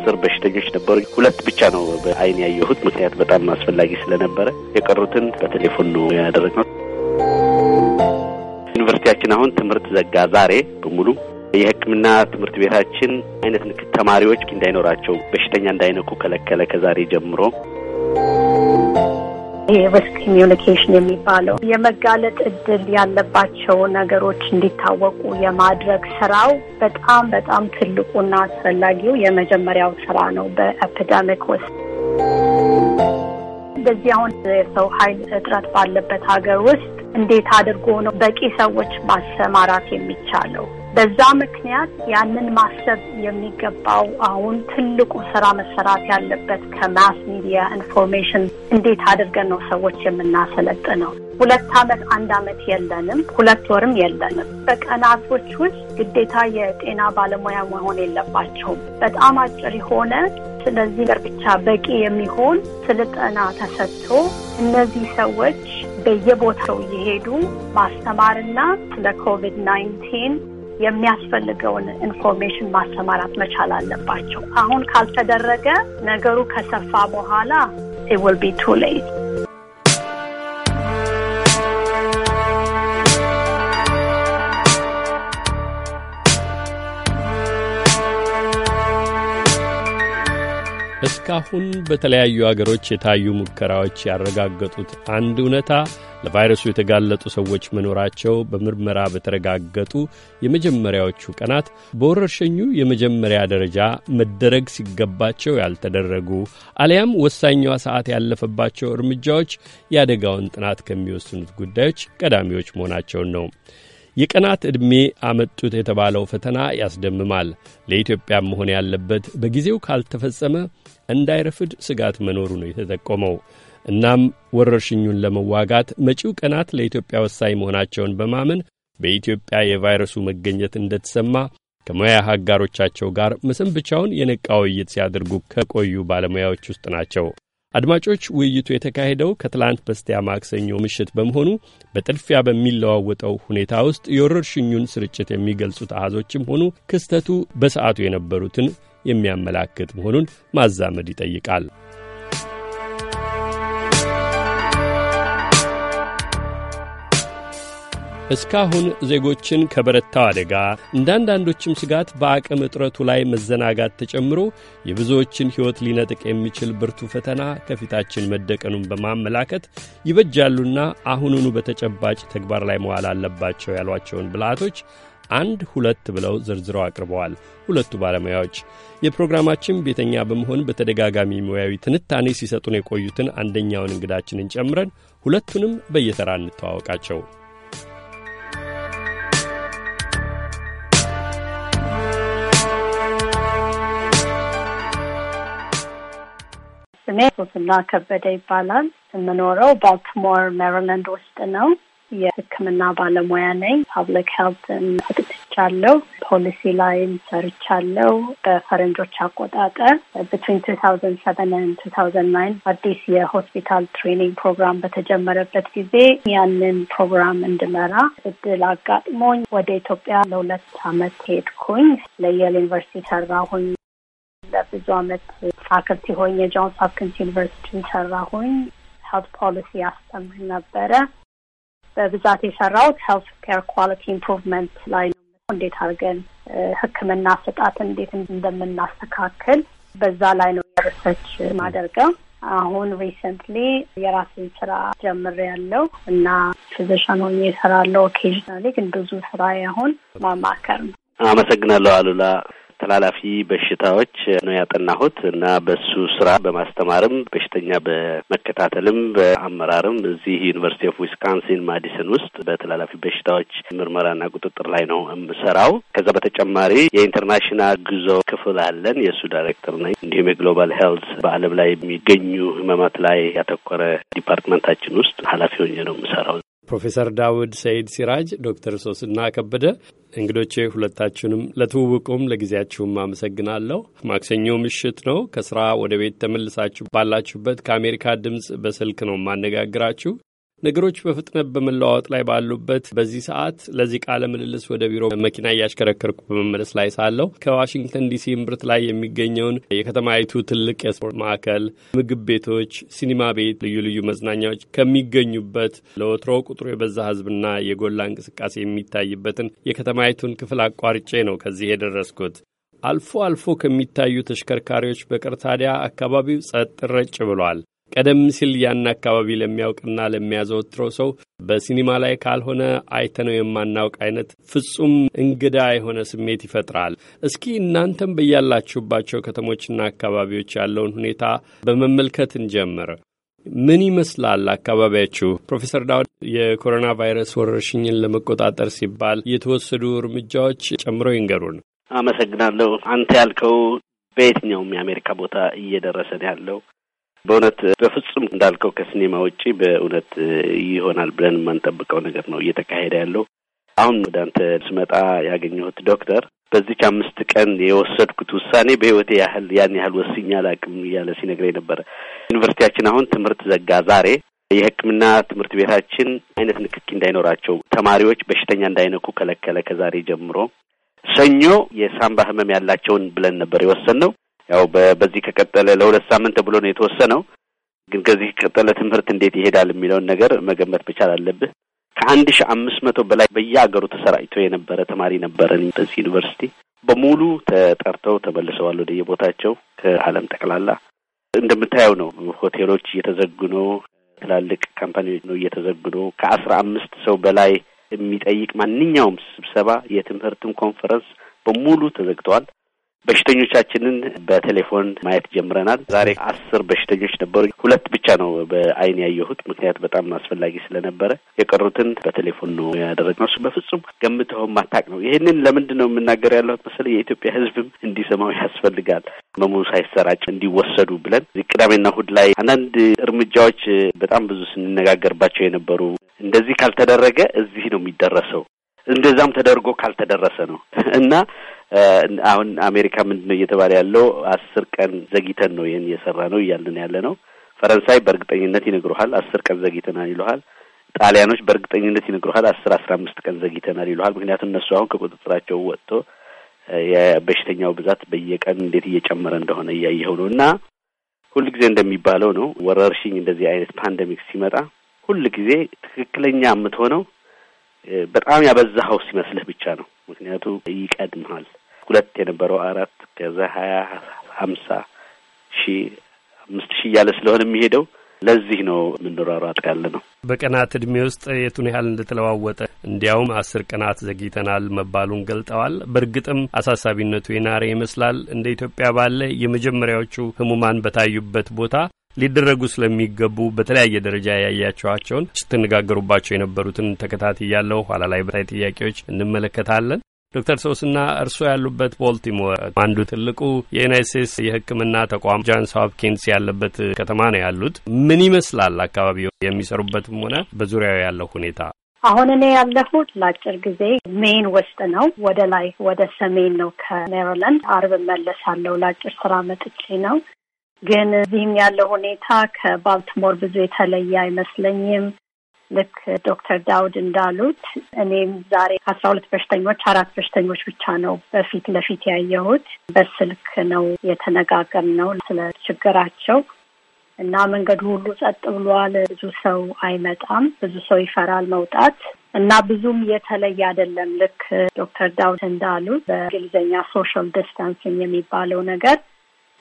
አስር በሽተኞች ነበሩ። ሁለት ብቻ ነው በአይን ያየሁት፣ ምክንያት በጣም አስፈላጊ ስለነበረ የቀሩትን በቴሌፎን ነው ያደረግነው። ዩኒቨርሲቲያችን አሁን ትምህርት ዘጋ ዛሬ በሙሉ የሕክምና ትምህርት ቤታችን አይነት ተማሪዎች እንዳይኖራቸው በሽተኛ እንዳይነኩ ከለከለ ከዛሬ ጀምሮ ይሄ ሪስክ የሚባለው የመጋለጥ እድል ያለባቸው ነገሮች እንዲታወቁ የማድረግ ስራው በጣም በጣም ትልቁና አስፈላጊው የመጀመሪያው ስራ ነው በኤፒደሚክ ውስጥ። እንደዚህ አሁን የሰው ኃይል እጥረት ባለበት ሀገር ውስጥ እንዴት አድርጎ ነው በቂ ሰዎች ማሰማራት የሚቻለው? በዛ ምክንያት ያንን ማሰብ የሚገባው አሁን ትልቁ ስራ መሰራት ያለበት ከማስ ሚዲያ ኢንፎርሜሽን እንዴት አድርገን ነው ሰዎች የምናሰለጥነው? ሁለት አመት አንድ አመት የለንም፣ ሁለት ወርም የለንም። በቀናቶች ውስጥ ግዴታ የጤና ባለሙያ መሆን የለባቸውም። በጣም አጭር የሆነ ስለዚህ ነገር ብቻ በቂ የሚሆን ስልጠና ተሰጥቶ እነዚህ ሰዎች በየቦታው እየሄዱ ማስተማርና ስለ ኮቪድ ናይንቲን የሚያስፈልገውን ኢንፎርሜሽን ማሰማራት መቻል አለባቸው። አሁን ካልተደረገ ነገሩ ከሰፋ በኋላ ኢት ዊል ቢ ቱ ሌት እስካሁን በተለያዩ አገሮች የታዩ ሙከራዎች ያረጋገጡት አንድ እውነታ ለቫይረሱ የተጋለጡ ሰዎች መኖራቸው በምርመራ በተረጋገጡ የመጀመሪያዎቹ ቀናት በወረርሸኙ የመጀመሪያ ደረጃ መደረግ ሲገባቸው ያልተደረጉ አሊያም ወሳኛዋ ሰዓት ያለፈባቸው እርምጃዎች የአደጋውን ጥናት ከሚወስኑት ጉዳዮች ቀዳሚዎች መሆናቸውን ነው። የቀናት ዕድሜ አመጡት የተባለው ፈተና ያስደምማል። ለኢትዮጵያም መሆን ያለበት በጊዜው ካልተፈጸመ እንዳይረፍድ ስጋት መኖሩ ነው የተጠቆመው። እናም ወረርሽኙን ለመዋጋት መጪው ቀናት ለኢትዮጵያ ወሳኝ መሆናቸውን በማመን በኢትዮጵያ የቫይረሱ መገኘት እንደተሰማ ከሙያ አጋሮቻቸው ጋር መሰንብቻውን የነቃ ውይይት ሲያደርጉ ከቆዩ ባለሙያዎች ውስጥ ናቸው። አድማጮች ውይይቱ የተካሄደው ከትላንት በስቲያ ማክሰኞ ምሽት በመሆኑ በጥድፊያ በሚለዋወጠው ሁኔታ ውስጥ የወረርሽኙን ስርጭት የሚገልጹት አሃዞችም ሆኑ ክስተቱ በሰዓቱ የነበሩትን የሚያመላክት መሆኑን ማዛመድ ይጠይቃል። እስካሁን ዜጎችን ከበረታው አደጋ እንዳንዳንዶችም ስጋት በአቅም እጥረቱ ላይ መዘናጋት ተጨምሮ የብዙዎችን ሕይወት ሊነጥቅ የሚችል ብርቱ ፈተና ከፊታችን መደቀኑን በማመላከት ይበጃሉና አሁኑኑ በተጨባጭ ተግባር ላይ መዋል አለባቸው ያሏቸውን ብልሃቶች አንድ ሁለት ብለው ዝርዝረው አቅርበዋል። ሁለቱ ባለሙያዎች የፕሮግራማችን ቤተኛ በመሆን በተደጋጋሚ ሙያዊ ትንታኔ ሲሰጡን የቆዩትን አንደኛውን እንግዳችንን ጨምረን ሁለቱንም በየተራ እንተዋወቃቸው። ስሜ ሶስና ከበደ ይባላል። የምኖረው ባልቲሞር ሜሪላንድ ውስጥ ነው። የሕክምና ባለሙያ ነኝ። ፓብሊክ ሄልት አጥንቻለሁ። ፖሊሲ ላይም ሰርቻለሁ። በፈረንጆች አቆጣጠር ብትዊን ቱ ታውዘንድ ሰቨን ኤንድ ቱ ታውዘንድ ናይን አዲስ የሆስፒታል ትሬኒንግ ፕሮግራም በተጀመረበት ጊዜ ያንን ፕሮግራም እንድመራ እድል አጋጥሞኝ ወደ ኢትዮጵያ ለሁለት አመት ሄድኩኝ። ለየል ዩኒቨርሲቲ ሰራሁኝ። ለብዙ አመት ፋክልቲ ሆኜ ጆንስ ሆፕኪንስ ዩኒቨርሲቲ ሰራሁኝ። ሄልት ፖሊሲ አስተምር ነበረ። በብዛት የሰራሁት ሄልት ኬር ኳሊቲ ኢምፕሩቭመንት ላይ ነው። እንዴት አድርገን ህክምና አሰጣጥ እንዴት እንደምናስተካክል በዛ ላይ ነው የሪሰርች ማደርገው። አሁን ሪሰንትሊ የራሴን ስራ ጀምር ያለው እና ፊዚሽን ሆኜ እሰራለሁ። ኦኬዥናሊ ግን ብዙ ስራ አሁን ማማከር ነው። አመሰግናለሁ አሉላ። ተላላፊ በሽታዎች ነው ያጠናሁት እና በሱ ስራ በማስተማርም በሽተኛ በመከታተልም በአመራርም እዚህ ዩኒቨርሲቲ ኦፍ ዊስካንሲን ማዲሰን ውስጥ በተላላፊ በሽታዎች ምርመራና ቁጥጥር ላይ ነው የምሰራው። ከዛ በተጨማሪ የኢንተርናሽናል ጉዞ ክፍል አለን፣ የእሱ ዳይሬክተር ነኝ። እንዲሁም የግሎባል ሄልት በዓለም ላይ የሚገኙ ህመማት ላይ ያተኮረ ዲፓርትመንታችን ውስጥ ኃላፊ ሆኜ ነው የምሰራው። ፕሮፌሰር ዳውድ ሰይድ ሲራጅ፣ ዶክተር ሶስና ከበደ እንግዶቼ ሁለታችሁንም ለትውውቁም ለጊዜያችሁም አመሰግናለሁ። ማክሰኞ ምሽት ነው። ከስራ ወደ ቤት ተመልሳችሁ ባላችሁበት ከአሜሪካ ድምፅ በስልክ ነው ማነጋግራችሁ። ነገሮች በፍጥነት በመለዋወጥ ላይ ባሉበት በዚህ ሰዓት ለዚህ ቃለ ምልልስ ወደ ቢሮ መኪና እያሽከረከርኩ በመመለስ ላይ ሳለው ከዋሽንግተን ዲሲ እምብርት ላይ የሚገኘውን የከተማይቱ ትልቅ የስፖርት ማዕከል፣ ምግብ ቤቶች፣ ሲኒማ ቤት፣ ልዩ ልዩ መዝናኛዎች ከሚገኙበት ለወትሮ ቁጥሩ የበዛ ሕዝብና የጎላ እንቅስቃሴ የሚታይበትን የከተማይቱን ክፍል አቋርጬ ነው ከዚህ የደረስኩት። አልፎ አልፎ ከሚታዩ ተሽከርካሪዎች በቀር ታዲያ አካባቢው ጸጥ ረጭ ብሏል። ቀደም ሲል ያን አካባቢ ለሚያውቅና ለሚያዘወትረው ሰው በሲኒማ ላይ ካልሆነ አይተነው የማናውቅ አይነት ፍጹም እንግዳ የሆነ ስሜት ይፈጥራል። እስኪ እናንተም በያላችሁባቸው ከተሞችና አካባቢዎች ያለውን ሁኔታ በመመልከት እንጀምር። ምን ይመስላል አካባቢያችሁ? ፕሮፌሰር ዳውድ የኮሮና ቫይረስ ወረርሽኝን ለመቆጣጠር ሲባል የተወሰዱ እርምጃዎች ጨምረው ይንገሩን። አመሰግናለሁ። አንተ ያልከው በየትኛውም የአሜሪካ ቦታ እየደረሰን ያለው በእውነት በፍጹም እንዳልከው ከሲኔማ ውጪ በእውነት ይሆናል ብለን የማንጠብቀው ነገር ነው እየተካሄደ ያለው። አሁን ወደ አንተ ስመጣ ያገኘሁት ዶክተር በዚች አምስት ቀን የወሰድኩት ውሳኔ በህይወቴ ያህል ያን ያህል ወስኜ አላውቅም እያለ ሲነግረኝ ነበረ። ዩኒቨርሲቲያችን አሁን ትምህርት ዘጋ። ዛሬ የህክምና ትምህርት ቤታችን አይነት ንክኪ እንዳይኖራቸው ተማሪዎች በሽተኛ እንዳይነኩ ከለከለ። ከዛሬ ጀምሮ ሰኞ የሳምባ ህመም ያላቸውን ብለን ነበር የወሰን ነው ያው በዚህ ከቀጠለ ለሁለት ሳምንት ተብሎ ነው የተወሰነው። ግን ከዚህ ከቀጠለ ትምህርት እንዴት ይሄዳል የሚለውን ነገር መገመት መቻል አለብህ። ከአንድ ሺ አምስት መቶ በላይ በየሀገሩ ተሰራጭቶ የነበረ ተማሪ ነበረን በዚህ ዩኒቨርሲቲ። በሙሉ ተጠርተው ተመልሰዋል ወደየቦታቸው ከዓለም ጠቅላላ። እንደምታየው ነው ሆቴሎች እየተዘጉ ነው። ትላልቅ ካምፓኒዎች ነው እየተዘጉ ነው። ከአስራ አምስት ሰው በላይ የሚጠይቅ ማንኛውም ስብሰባ የትምህርትም ኮንፈረንስ በሙሉ ተዘግተዋል። በሽተኞቻችንን በቴሌፎን ማየት ጀምረናል። ዛሬ አስር በሽተኞች ነበሩ። ሁለት ብቻ ነው በአይን ያየሁት፣ ምክንያት በጣም አስፈላጊ ስለነበረ የቀሩትን በቴሌፎን ነው ያደረግነው። እሱ በፍጹም ገምተው ማታቅ ነው። ይህንን ለምንድን ነው የምናገር ያለሁት መሰለኝ የኢትዮጵያ ሕዝብም እንዲሰማው ያስፈልጋል። መሙ ሳይሰራጭ እንዲወሰዱ ብለን ቅዳሜና እሑድ ላይ አንዳንድ እርምጃዎች በጣም ብዙ ስንነጋገርባቸው የነበሩ እንደዚህ ካልተደረገ እዚህ ነው የሚደረሰው እንደዛም ተደርጎ ካልተደረሰ ነው እና አሁን አሜሪካ ምንድን ነው እየተባለ ያለው? አስር ቀን ዘግይተን ነው ይህን እየሰራ ነው እያልን ያለ ነው። ፈረንሳይ በእርግጠኝነት ይነግሩሃል፣ አስር ቀን ዘግይተናል ይሉሃል። ጣሊያኖች በእርግጠኝነት ይነግሩሃል፣ አስር አስራ አምስት ቀን ዘግይተናል ይሉሃል። ምክንያቱም እነሱ አሁን ከቁጥጥራቸው ወጥቶ የበሽተኛው ብዛት በየቀን እንዴት እየጨመረ እንደሆነ እያየኸው ነው። እና ሁልጊዜ እንደሚባለው ነው ወረርሽኝ እንደዚህ አይነት ፓንደሚክ ሲመጣ ሁልጊዜ ትክክለኛ የምትሆነው በጣም ያበዛኸው ሲመስልህ ብቻ ነው። ምክንያቱ ይቀድምሃል። ሁለት የነበረው አራት ከዛ ሀያ ሀምሳ ሺ አምስት ሺ እያለ ስለሆነ የሚሄደው ለዚህ ነው የምንሯሯጥ ያለ ነው። በቀናት እድሜ ውስጥ የቱን ያህል እንደተለዋወጠ እንዲያውም አስር ቀናት ዘግይተናል መባሉን ገልጠዋል። በእርግጥም አሳሳቢነቱ የናረ ይመስላል። እንደ ኢትዮጵያ ባለ የመጀመሪያዎቹ ህሙማን በታዩበት ቦታ ሊደረጉ ስለሚገቡ በተለያየ ደረጃ ያያቸዋቸውን ስትነጋገሩባቸው የነበሩትን ተከታትያለሁ። ኋላ ላይ በታይ ጥያቄዎች እንመለከታለን። ዶክተር ሶስና እርስዎ ያሉበት ቦልቲሞር አንዱ ትልቁ የዩናይት ስቴትስ የሕክምና ተቋም ጃንስ ሆፕኪንስ ያለበት ከተማ ነው ያሉት። ምን ይመስላል አካባቢው የሚሰሩበትም ሆነ በዙሪያው ያለው ሁኔታ? አሁን እኔ ያለሁት ለአጭር ጊዜ ሜን ውስጥ ነው። ወደ ላይ ወደ ሰሜን ነው ከሜሪላንድ። አርብ መለሳለሁ። ለአጭር ስራ መጥቼ ነው። ግን እዚህም ያለው ሁኔታ ከባልቲሞር ብዙ የተለየ አይመስለኝም። ልክ ዶክተር ዳውድ እንዳሉት እኔም ዛሬ ከአስራ ሁለት በሽተኞች አራት በሽተኞች ብቻ ነው በፊት ለፊት ያየሁት። በስልክ ነው ነው ስለ ችግራቸው እና መንገዱ ሁሉ ጸጥ ብሏል። ብዙ ሰው አይመጣም። ብዙ ሰው ይፈራል መውጣት እና ብዙም የተለየ አይደለም። ልክ ዶክተር ዳውድ እንዳሉት በእንግሊዝኛ ሶሻል ዲስታንሲንግ የሚባለው ነገር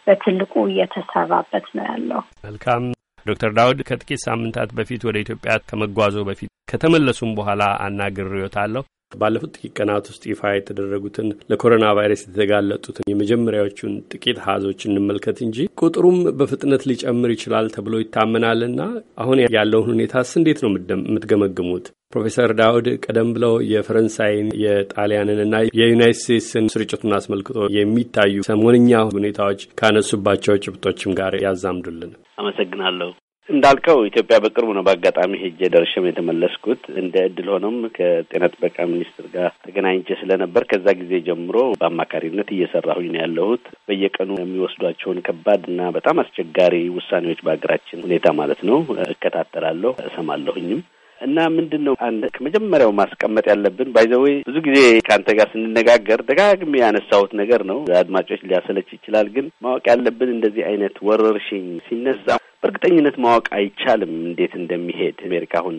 በትልቁ እየተሰራበት ነው ያለው። መልካም ዶክተር ዳውድ ከጥቂት ሳምንታት በፊት ወደ ኢትዮጵያ ከመጓዞ በፊት ከተመለሱም በኋላ አናግሬዎታለሁ። ባለፉት ጥቂት ቀናት ውስጥ ይፋ የተደረጉትን ለኮሮና ቫይረስ የተጋለጡትን የመጀመሪያዎቹን ጥቂት ሀዞች እንመልከት እንጂ ቁጥሩም በፍጥነት ሊጨምር ይችላል ተብሎ ይታመናልና አሁን ያለውን ሁኔታስ እንዴት ነው የምትገመግሙት? ፕሮፌሰር ዳውድ ቀደም ብለው የፈረንሳይን የጣሊያንንና የዩናይት ስቴትስን ስርጭቱን አስመልክቶ የሚታዩ ሰሞንኛ ሁኔታዎች ካነሱባቸው ጭብጦችም ጋር ያዛምዱልን። አመሰግናለሁ። እንዳልከው ኢትዮጵያ በቅርቡ ነው በአጋጣሚ ሄጄ ደርሼም የተመለስኩት። እንደ እድል ሆኖም ከጤና ጥበቃ ሚኒስትር ጋር ተገናኝቼ ስለነበር ከዛ ጊዜ ጀምሮ በአማካሪነት እየሰራሁኝ ነው ያለሁት። በየቀኑ የሚወስዷቸውን ከባድ እና በጣም አስቸጋሪ ውሳኔዎች በሀገራችን ሁኔታ ማለት ነው እከታተላለሁ፣ እሰማለሁኝም። እና ምንድን ነው አንድ ከመጀመሪያው ማስቀመጥ ያለብን ባይዘወይ ብዙ ጊዜ ከአንተ ጋር ስንነጋገር ደጋግሜ ያነሳሁት ነገር ነው። አድማጮች ሊያሰለች ይችላል፣ ግን ማወቅ ያለብን እንደዚህ አይነት ወረርሽኝ ሲነሳ በእርግጠኝነት ማወቅ አይቻልም እንዴት እንደሚሄድ። አሜሪካ አሁን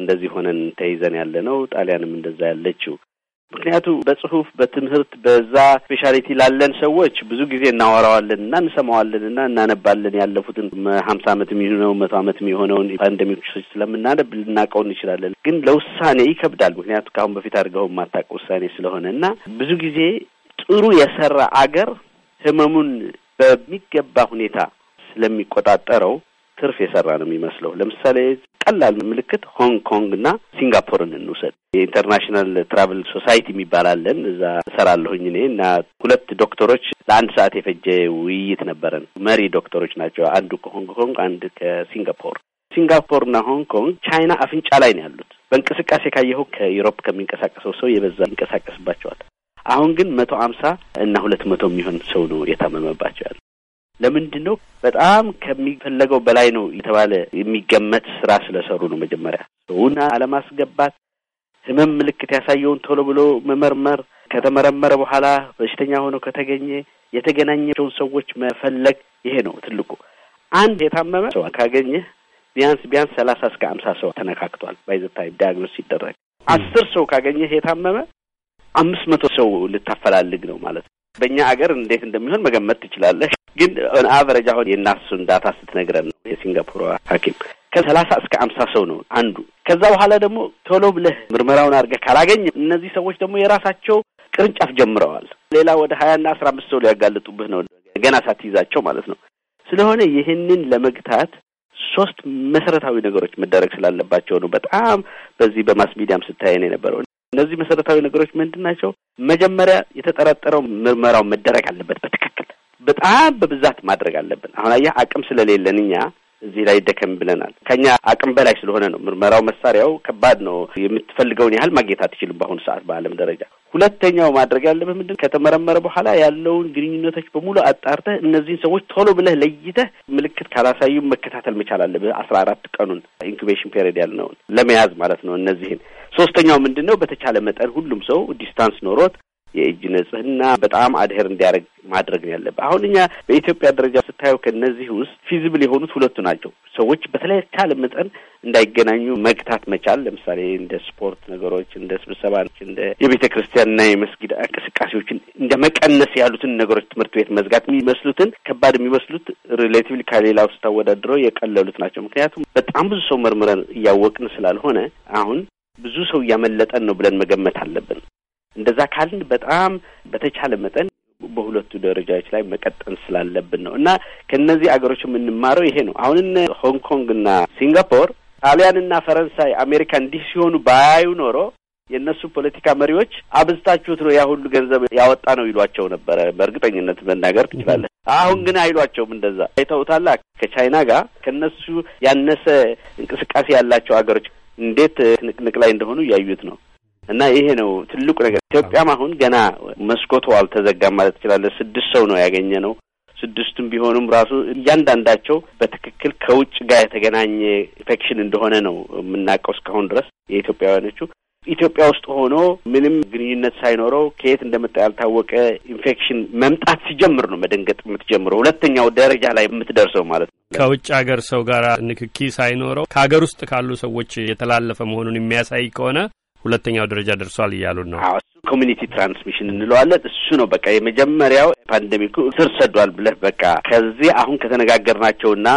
እንደዚህ ሆነን ተይዘን ያለ ነው። ጣሊያንም እንደዛ ያለችው ምክንያቱ በጽሁፍ በትምህርት በዛ ስፔሻሊቲ ላለን ሰዎች ብዙ ጊዜ እናወራዋለን እና እንሰማዋለን እና እናነባለን ያለፉትን ሀምሳ አመት የሚሆነው መቶ ዓመት የሚሆነውን ፓንደሚክ ስለምናነብ ልናቀው እንችላለን። ግን ለውሳኔ ይከብዳል። ምክንያቱ ከአሁን በፊት አድርገው የማታውቅ ውሳኔ ስለሆነ እና ብዙ ጊዜ ጥሩ የሰራ አገር ህመሙን በሚገባ ሁኔታ ስለሚቆጣጠረው ትርፍ የሰራ ነው የሚመስለው። ለምሳሌ ቀላል ምልክት ሆንግ ኮንግ እና ሲንጋፖርን እንውሰድ። የኢንተርናሽናል ትራቭል ሶሳይቲ የሚባላለን እዛ እሰራለሁኝ እኔ እና ሁለት ዶክተሮች ለአንድ ሰዓት የፈጀ ውይይት ነበረን። መሪ ዶክተሮች ናቸው። አንዱ ከሆንግ ኮንግ፣ አንድ ከሲንጋፖር። ሲንጋፖርና ሆንግ ኮንግ ቻይና አፍንጫ ላይ ነው ያሉት። በእንቅስቃሴ ካየሁ ከዩሮፕ ከሚንቀሳቀሰው ሰው የበዛ ይንቀሳቀስባቸዋል። አሁን ግን መቶ አምሳ እና ሁለት መቶ የሚሆን ሰው ነው የታመመባቸው ያለ ለምንድን ነው በጣም ከሚፈለገው በላይ ነው የተባለ የሚገመት ስራ ስለሰሩ ነው። መጀመሪያ ሰውን አለማስገባት፣ ህመም ምልክት ያሳየውን ቶሎ ብሎ መመርመር፣ ከተመረመረ በኋላ በሽተኛ ሆኖ ከተገኘ የተገናኘቸውን ሰዎች መፈለግ፣ ይሄ ነው ትልቁ። አንድ የታመመ ሰው ካገኘ ቢያንስ ቢያንስ ሰላሳ እስከ አምሳ ሰው ተነካክቷል። ባይዘታይ ዲያግኖስ ሲደረግ አስር ሰው ካገኘህ የታመመ አምስት መቶ ሰው ልታፈላልግ ነው ማለት ነው። በእኛ አገር እንዴት እንደሚሆን መገመት ትችላለህ። ግን አቨረጅ አሁን የእናሱን ዳታ ስትነግረን ነው የሲንጋፖሯ ሐኪም ከሰላሳ እስከ አምሳ ሰው ነው አንዱ። ከዛ በኋላ ደግሞ ቶሎ ብለህ ምርመራውን አድርገህ ካላገኘ እነዚህ ሰዎች ደግሞ የራሳቸው ቅርንጫፍ ጀምረዋል። ሌላ ወደ ሀያና አስራ አምስት ሰው ሊያጋልጡብህ ነው ገና ሳትይዛቸው ማለት ነው። ስለሆነ ይህንን ለመግታት ሶስት መሰረታዊ ነገሮች መደረግ ስላለባቸው ነው። በጣም በዚህ በማስ ሚዲያም ስታየን የነበረው እነዚህ መሰረታዊ ነገሮች ምንድን ናቸው? መጀመሪያ የተጠረጠረው ምርመራው መደረግ አለበት። በትክክል በጣም በብዛት ማድረግ አለብን። አሁን አየህ አቅም ስለሌለን እኛ እዚህ ላይ ደከም ብለናል። ከኛ አቅም በላይ ስለሆነ ነው ምርመራው። መሳሪያው ከባድ ነው። የምትፈልገውን ያህል ማግኘት አትችልም በአሁኑ ሰዓት በዓለም ደረጃ። ሁለተኛው ማድረግ ያለብህ ምንድን ከተመረመረ በኋላ ያለውን ግንኙነቶች በሙሉ አጣርተህ እነዚህን ሰዎች ቶሎ ብለህ ለይተህ ምልክት ካላሳዩ መከታተል መቻል አለብህ። አስራ አራት ቀኑን ኢንኩቤሽን ፔሪድ ያልነውን ለመያዝ ማለት ነው። እነዚህን ሶስተኛው ምንድን ነው? በተቻለ መጠን ሁሉም ሰው ዲስታንስ ኖሮት የእጅ ንጽህና በጣም አድሄር እንዲያደርግ ማድረግ ነው ያለብህ። አሁን እኛ በኢትዮጵያ ደረጃ ስታየው ከእነዚህ ውስጥ ፊዚብል የሆኑት ሁለቱ ናቸው። ሰዎች በተቻለ መጠን እንዳይገናኙ መግታት መቻል፣ ለምሳሌ እንደ ስፖርት ነገሮች፣ እንደ ስብሰባዎች፣ እንደ የቤተ ክርስቲያንና የመስጊድ እንቅስቃሴዎችን እንደ መቀነስ ያሉትን ነገሮች፣ ትምህርት ቤት መዝጋት የሚመስሉትን ከባድ የሚመስሉት ሪሌቲቭሊ ከሌላው ስታወዳድረው የቀለሉት ናቸው። ምክንያቱም በጣም ብዙ ሰው መርምረን እያወቅን ስላልሆነ አሁን ብዙ ሰው እያመለጠን ነው ብለን መገመት አለብን። እንደዛ ካልን በጣም በተቻለ መጠን በሁለቱ ደረጃዎች ላይ መቀጠን ስላለብን ነው እና ከእነዚህ አገሮች የምንማረው ይሄ ነው። አሁን ሆንግ ኮንግ እና ሲንጋፖር፣ ጣሊያንና ፈረንሳይ፣ አሜሪካ እንዲህ ሲሆኑ ባያዩ ኖሮ የእነሱ ፖለቲካ መሪዎች አብዝታችሁት ነው ያ ሁሉ ገንዘብ ያወጣ ነው ይሏቸው ነበረ። በእርግጠኝነት መናገር ትችላለ። አሁን ግን አይሏቸውም። እንደዛ አይተውታላ። ከቻይና ጋር ከእነሱ ያነሰ እንቅስቃሴ ያላቸው አገሮች እንዴት ንቅንቅ ላይ እንደሆኑ እያዩት ነው። እና ይሄ ነው ትልቁ ነገር። ኢትዮጵያም አሁን ገና መስኮቱ አልተዘጋም ማለት ትችላለህ። ስድስት ሰው ነው ያገኘ ነው። ስድስቱም ቢሆኑም ራሱ እያንዳንዳቸው በትክክል ከውጭ ጋር የተገናኘ ኢንፌክሽን እንደሆነ ነው የምናውቀው እስካሁን ድረስ የኢትዮጵያውያኖቹ ኢትዮጵያ ውስጥ ሆኖ ምንም ግንኙነት ሳይኖረው ከየት እንደመጣ ያልታወቀ ኢንፌክሽን መምጣት ሲጀምር ነው መደንገጥ የምትጀምረው። ሁለተኛው ደረጃ ላይ የምትደርሰው ማለት ነው። ከውጭ ሀገር ሰው ጋር ንክኪ ሳይኖረው ከሀገር ውስጥ ካሉ ሰዎች የተላለፈ መሆኑን የሚያሳይ ከሆነ ሁለተኛው ደረጃ ደርሷል እያሉን ነው። እሱ ኮሚኒቲ ትራንስሚሽን እንለዋለን። እሱ ነው በቃ የመጀመሪያው ፓንደሚኩ ስር ሰዷል ብለህ በቃ ከዚህ አሁን ከተነጋገርናቸውና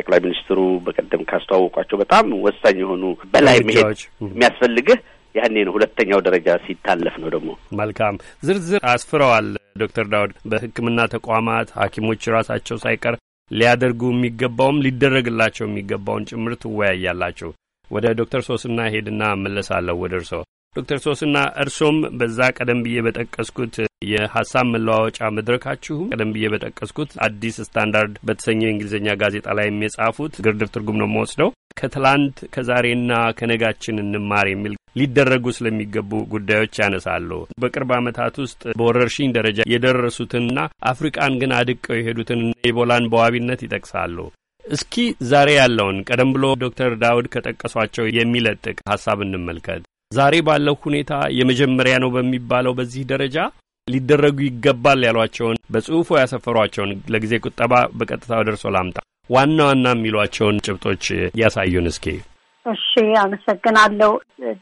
ጠቅላይ ሚኒስትሩ በቀደም ካስተዋወቋቸው በጣም ወሳኝ የሆኑ በላይ መሄድ የሚያስፈልግህ ያኔ ነው። ሁለተኛው ደረጃ ሲታለፍ ነው ደግሞ። መልካም ዝርዝር አስፍረዋል ዶክተር ዳውድ በሕክምና ተቋማት ሐኪሞች ራሳቸው ሳይቀር ሊያደርጉ የሚገባውም ሊደረግላቸው የሚገባውን ጭምር ትወያያላችሁ። ወደ ዶክተር ሶስና ሄድና መለሳለሁ ወደ እርስዎ ዶክተር ሶስና እርሶም በዛ ቀደም ብዬ በጠቀስኩት የሀሳብ መለዋወጫ መድረካችሁም ቀደም ብዬ በጠቀስኩት አዲስ ስታንዳርድ በተሰኘው የእንግሊዝኛ ጋዜጣ ላይ የሚጻፉት ግርድፍ ትርጉም ነው የምወስደው ከትላንት ከዛሬና ከነጋችን እንማር የሚል ሊደረጉ ስለሚገቡ ጉዳዮች ያነሳሉ። በቅርብ ዓመታት ውስጥ በወረርሽኝ ደረጃ የደረሱትንና አፍሪቃን ግን አድቀው የሄዱትን ኢቦላን በዋቢነት ይጠቅሳሉ። እስኪ ዛሬ ያለውን ቀደም ብሎ ዶክተር ዳውድ ከጠቀሷቸው የሚለጥቅ ሀሳብ እንመልከት። ዛሬ ባለው ሁኔታ የመጀመሪያ ነው በሚባለው በዚህ ደረጃ ሊደረጉ ይገባል ያሏቸውን በጽሁፎ ያሰፈሯቸውን ለጊዜ ቁጠባ በቀጥታ ደርሶ ላምጣ ዋና ዋና የሚሏቸውን ጭብጦች ያሳዩን እስኪ። እሺ፣ አመሰግናለሁ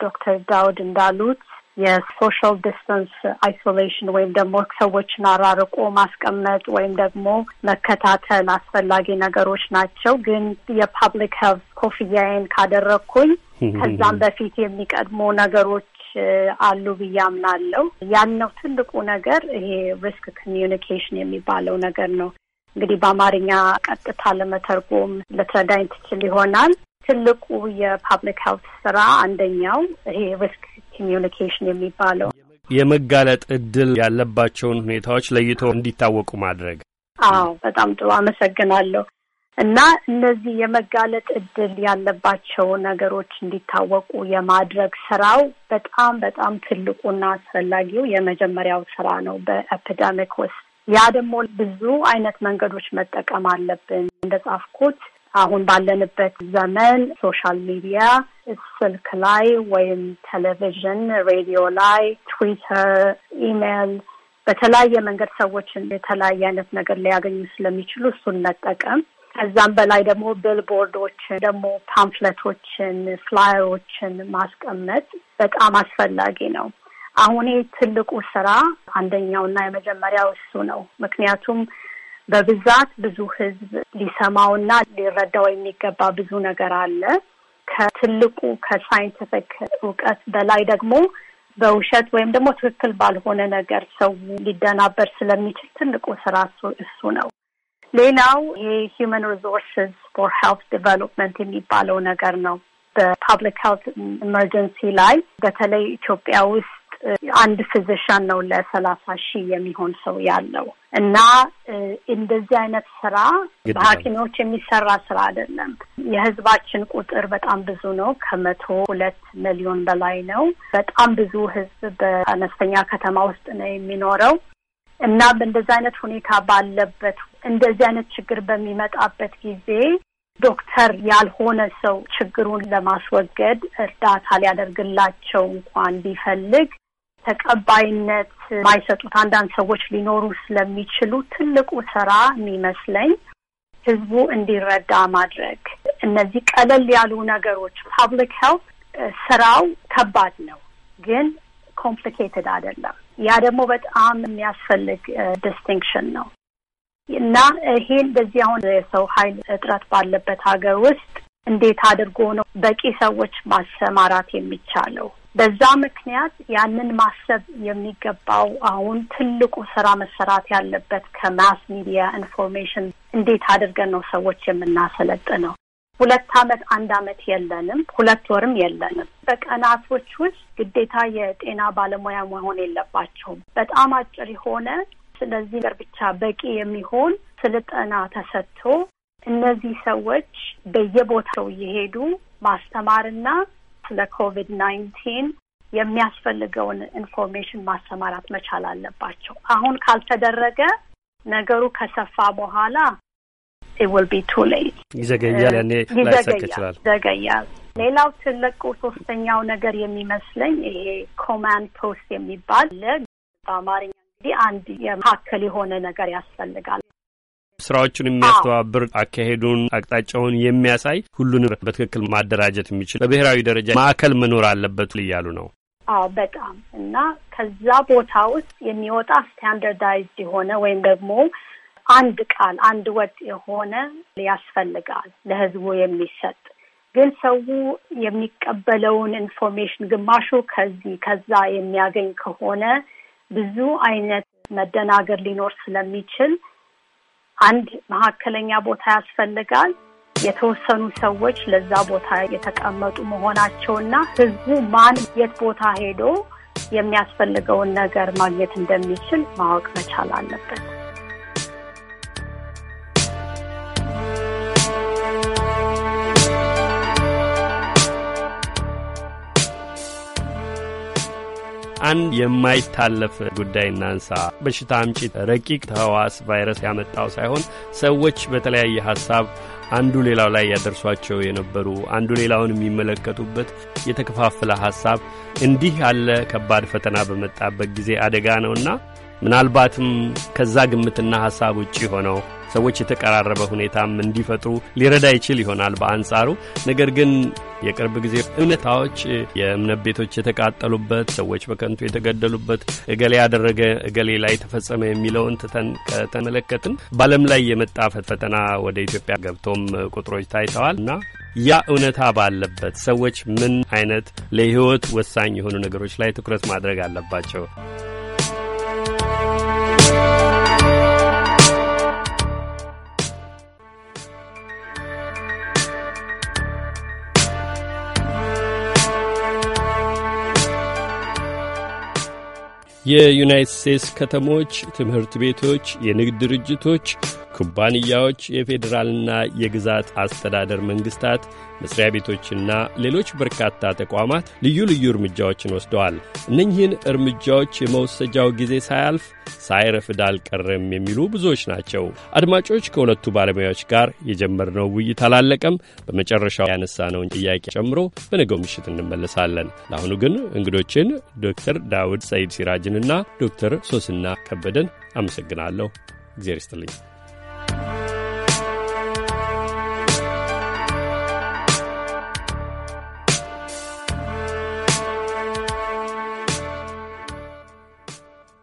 ዶክተር ዳውድ እንዳሉት የሶሻል ዲስተንስ አይሶሌሽን ወይም ደግሞ ሰዎችን አራርቆ ማስቀመጥ ወይም ደግሞ መከታተል አስፈላጊ ነገሮች ናቸው። ግን የፓብሊክ ሄልዝ ኮፍያዬን ካደረግኩኝ ከዛም በፊት የሚቀድሙ ነገሮች አሉ ብዬ አምናለሁ። ያን ነው ትልቁ ነገር። ይሄ ሪስክ ኮሚዩኒኬሽን የሚባለው ነገር ነው። እንግዲህ በአማርኛ ቀጥታ ለመተርጎም ልትረዳኝ ትችል ይሆናል። ትልቁ የፓብሊክ ሄልት ስራ አንደኛው ይሄ ሪስክ ኮሚዩኒኬሽን የሚባለው የመጋለጥ እድል ያለባቸውን ሁኔታዎች ለይቶ እንዲታወቁ ማድረግ። አዎ በጣም ጥሩ አመሰግናለሁ። እና እነዚህ የመጋለጥ እድል ያለባቸው ነገሮች እንዲታወቁ የማድረግ ስራው በጣም በጣም ትልቁና አስፈላጊው የመጀመሪያው ስራ ነው በኤፒደሚክ ውስጥ። ያ ደግሞ ብዙ አይነት መንገዶች መጠቀም አለብን። እንደ ጻፍኩት አሁን ባለንበት ዘመን ሶሻል ሚዲያ ስልክ ላይ ወይም ቴሌቪዥን፣ ሬዲዮ ላይ፣ ትዊተር፣ ኢሜል በተለያየ መንገድ ሰዎችን የተለያየ አይነት ነገር ሊያገኙ ስለሚችሉ እሱን መጠቀም ከዛም በላይ ደግሞ ቢልቦርዶችን ደግሞ ፓምፍለቶችን፣ ፍላየሮችን ማስቀመጥ በጣም አስፈላጊ ነው። አሁን ትልቁ ስራ አንደኛውና የመጀመሪያው እሱ ነው። ምክንያቱም በብዛት ብዙ ህዝብ ሊሰማውና ሊረዳው የሚገባ ብዙ ነገር አለ። ከትልቁ ከሳይንቲፊክ እውቀት በላይ ደግሞ በውሸት ወይም ደግሞ ትክክል ባልሆነ ነገር ሰው ሊደናበር ስለሚችል ትልቁ ስራ እሱ ነው። ሌላው ይሄ ሂውማን ሪሶርስስ ፎር ሄልት ዲቨሎፕመንት የሚባለው ነገር ነው። በፓብሊክ ሄልት ኢመርጀንሲ ላይ በተለይ ኢትዮጵያ ውስጥ አንድ ፊዚሻን ነው ለሰላሳ ሺህ የሚሆን ሰው ያለው እና እንደዚህ አይነት ስራ በሐኪሞች የሚሰራ ስራ አይደለም። የህዝባችን ቁጥር በጣም ብዙ ነው። ከመቶ ሁለት ሚሊዮን በላይ ነው። በጣም ብዙ ህዝብ በአነስተኛ ከተማ ውስጥ ነው የሚኖረው እና በእንደዚህ አይነት ሁኔታ ባለበት እንደዚህ አይነት ችግር በሚመጣበት ጊዜ ዶክተር ያልሆነ ሰው ችግሩን ለማስወገድ እርዳታ ሊያደርግላቸው እንኳን ቢፈልግ ተቀባይነት ማይሰጡት አንዳንድ ሰዎች ሊኖሩ ስለሚችሉ ትልቁ ስራ የሚመስለኝ ህዝቡ እንዲረዳ ማድረግ። እነዚህ ቀለል ያሉ ነገሮች ፓብሊክ ሄልት ስራው ከባድ ነው፣ ግን ኮምፕሊኬትድ አይደለም። ያ ደግሞ በጣም የሚያስፈልግ ዲስቲንክሽን uh, ነው እና ይሄን በዚህ አሁን የሰው ኃይል እጥረት ባለበት ሀገር ውስጥ እንዴት አድርጎ ነው በቂ ሰዎች ማሰማራት የሚቻለው? በዛ ምክንያት ያንን ማሰብ የሚገባው አሁን ትልቁ ስራ መሰራት ያለበት ከማስ ሚዲያ ኢንፎርሜሽን እንዴት አድርገን ነው ሰዎች የምናሰለጥ ነው። ሁለት አመት አንድ አመት የለንም፣ ሁለት ወርም የለንም። በቀናቶች ውስጥ ግዴታ የጤና ባለሙያ መሆን የለባቸውም። በጣም አጭር የሆነ ስለዚህ ነገር ብቻ በቂ የሚሆን ስልጠና ተሰጥቶ እነዚህ ሰዎች በየቦታው እየሄዱ ማስተማርና ስለ ኮቪድ ናይንቲን የሚያስፈልገውን ኢንፎርሜሽን ማሰማራት መቻል አለባቸው። አሁን ካልተደረገ ነገሩ ከሰፋ በኋላ ኢል ቢ ቱ ሌት ይዘገያል፣ ያኔ ይዘገያል ይዘገያል። ሌላው ትልቁ ሶስተኛው ነገር የሚመስለኝ ይሄ ኮማንድ ፖስት የሚባል በአማርኛ እንግዲህ አንድ የመካከል የሆነ ነገር ያስፈልጋል። ስራዎቹን የሚያስተባብር አካሄዱን፣ አቅጣጫውን የሚያሳይ ሁሉንም በትክክል ማደራጀት የሚችል በብሔራዊ ደረጃ ማዕከል መኖር አለበት እያሉ ነው። አዎ በጣም እና ከዛ ቦታ ውስጥ የሚወጣ ስታንዳርዳይዝድ የሆነ ወይም ደግሞ አንድ ቃል አንድ ወጥ የሆነ ያስፈልጋል ለህዝቡ የሚሰጥ ግን ሰው የሚቀበለውን ኢንፎርሜሽን ግማሹ ከዚህ ከዛ የሚያገኝ ከሆነ ብዙ አይነት መደናገር ሊኖር ስለሚችል አንድ መካከለኛ ቦታ ያስፈልጋል። የተወሰኑ ሰዎች ለዛ ቦታ የተቀመጡ መሆናቸውና ህዝቡ ማን የት ቦታ ሄዶ የሚያስፈልገውን ነገር ማግኘት እንደሚችል ማወቅ መቻል አለበት። አንድ የማይታለፍ ጉዳይ እናንሳ። በሽታ አምጪ ረቂቅ ተህዋስ ቫይረስ ያመጣው ሳይሆን ሰዎች በተለያየ ሀሳብ አንዱ ሌላው ላይ ያደርሷቸው የነበሩ አንዱ ሌላውን የሚመለከቱበት የተከፋፈለ ሀሳብ እንዲህ ያለ ከባድ ፈተና በመጣበት ጊዜ አደጋ ነውና ምናልባትም ከዛ ግምትና ሀሳብ ውጪ ሆነው ሰዎች የተቀራረበ ሁኔታም እንዲፈጥሩ ሊረዳ ይችል ይሆናል በአንጻሩ። ነገር ግን የቅርብ ጊዜ እውነታዎች የእምነት ቤቶች የተቃጠሉበት፣ ሰዎች በከንቱ የተገደሉበት፣ እገሌ ያደረገ እገሌ ላይ ተፈጸመ የሚለውን ትተን ከተመለከትን በዓለም ላይ የመጣ ፈተና ወደ ኢትዮጵያ ገብቶም ቁጥሮች ታይተዋል እና ያ እውነታ ባለበት ሰዎች ምን አይነት ለሕይወት ወሳኝ የሆኑ ነገሮች ላይ ትኩረት ማድረግ አለባቸው? የዩናይትድ ስቴትስ ከተሞች፣ ትምህርት ቤቶች፣ የንግድ ድርጅቶች ኩባንያዎች፣ የፌዴራልና የግዛት አስተዳደር መንግሥታት፣ መስሪያ ቤቶችና ሌሎች በርካታ ተቋማት ልዩ ልዩ እርምጃዎችን ወስደዋል። እነኚህን እርምጃዎች የመወሰጃው ጊዜ ሳያልፍ ሳይረፍድ አልቀረም የሚሉ ብዙዎች ናቸው። አድማጮች፣ ከሁለቱ ባለሙያዎች ጋር የጀመርነው ውይይት አላለቀም። በመጨረሻው ያነሳነውን ጥያቄ ጨምሮ በነገው ምሽት እንመለሳለን። ለአሁኑ ግን እንግዶችን ዶክተር ዳውድ ሰይድ ሲራጅንና ዶክተር ሶስና ከበደን አመሰግናለሁ። እግዜር ይስጥልኝ።